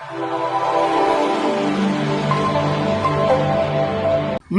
Thank you.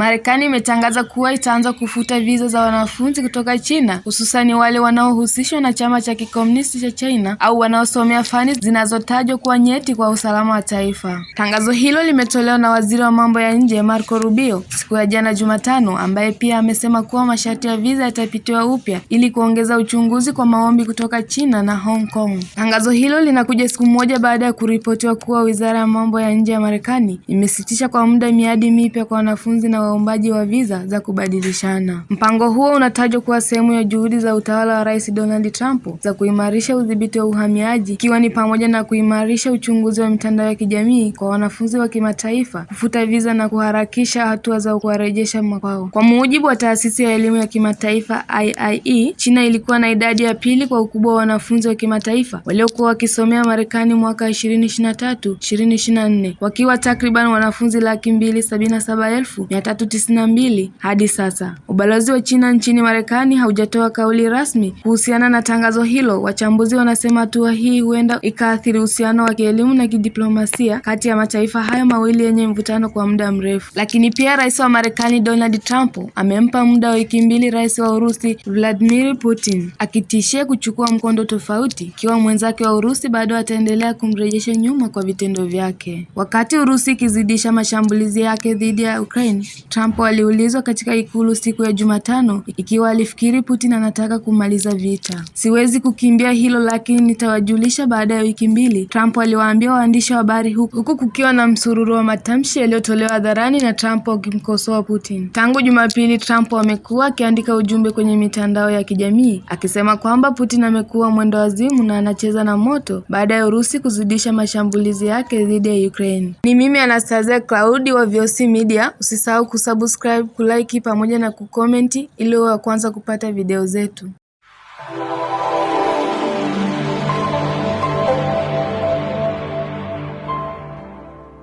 Marekani imetangaza kuwa itaanza kufuta viza za wanafunzi kutoka China, hususani wale wanaohusishwa na chama cha kikomunisti cha China au wanaosomea fani zinazotajwa kuwa nyeti kwa usalama wa taifa. Tangazo hilo limetolewa na waziri wa mambo ya nje Marco Rubio siku ya jana Jumatano, ambaye pia amesema kuwa masharti ya viza yatapitiwa upya ili kuongeza uchunguzi kwa maombi kutoka China na Hong Kong. Tangazo hilo linakuja siku moja baada ya kuripotiwa kuwa wizara ya mambo ya nje ya Marekani imesitisha kwa muda miadi mipya kwa wanafunzi na waombaji wa viza za kubadilishana. Mpango huo unatajwa kuwa sehemu ya juhudi za utawala wa Rais Donald Trump za kuimarisha udhibiti wa uhamiaji, ikiwa ni pamoja na kuimarisha uchunguzi wa mitandao ya kijamii kwa wanafunzi wa kimataifa, kufuta viza na kuharakisha hatua za kuwarejesha makwao. Kwa mujibu wa taasisi ya elimu ya kimataifa IIE, China ilikuwa na idadi ya pili kwa ukubwa wa wanafunzi wa kimataifa waliokuwa wakisomea Marekani mwaka 2023 2024 wakiwa takriban wanafunzi laki mbili sabini na saba elfu mia 392 hadi sasa. Ubalozi wa China nchini Marekani haujatoa kauli rasmi kuhusiana na tangazo hilo. Wachambuzi wanasema hatua hii huenda ikaathiri uhusiano wa kielimu na kidiplomasia kati ya mataifa hayo mawili yenye mvutano kwa muda mrefu. Lakini pia rais wa Marekani Donald Trump amempa muda wa wiki mbili rais wa Urusi Vladimir Putin, akitishia kuchukua mkondo tofauti ikiwa mwenzake wa Urusi bado ataendelea kumrejesha nyuma kwa vitendo vyake. Wakati Urusi ikizidisha mashambulizi yake dhidi ya Ukraine, Trump aliulizwa katika ikulu siku ya Jumatano ikiwa alifikiri Putin anataka kumaliza vita. Siwezi kukimbia hilo, lakini nitawajulisha baada ya wiki mbili, Trump aliwaambia waandishi wa habari, huku kukiwa na msururu wa matamshi yaliyotolewa hadharani na Trump akimkosoa Putin. Tangu Jumapili, Trump amekuwa akiandika ujumbe kwenye mitandao ya kijamii akisema kwamba Putin amekuwa mwendo wazimu na anacheza na moto baada ya Urusi kuzidisha mashambulizi yake dhidi ya Ukraine. Ni mimi Anastasia Claudi wa VOC Media, usisahau kusubscribe, kulike pamoja na kukomenti ili uwe wa kwanza kupata video zetu.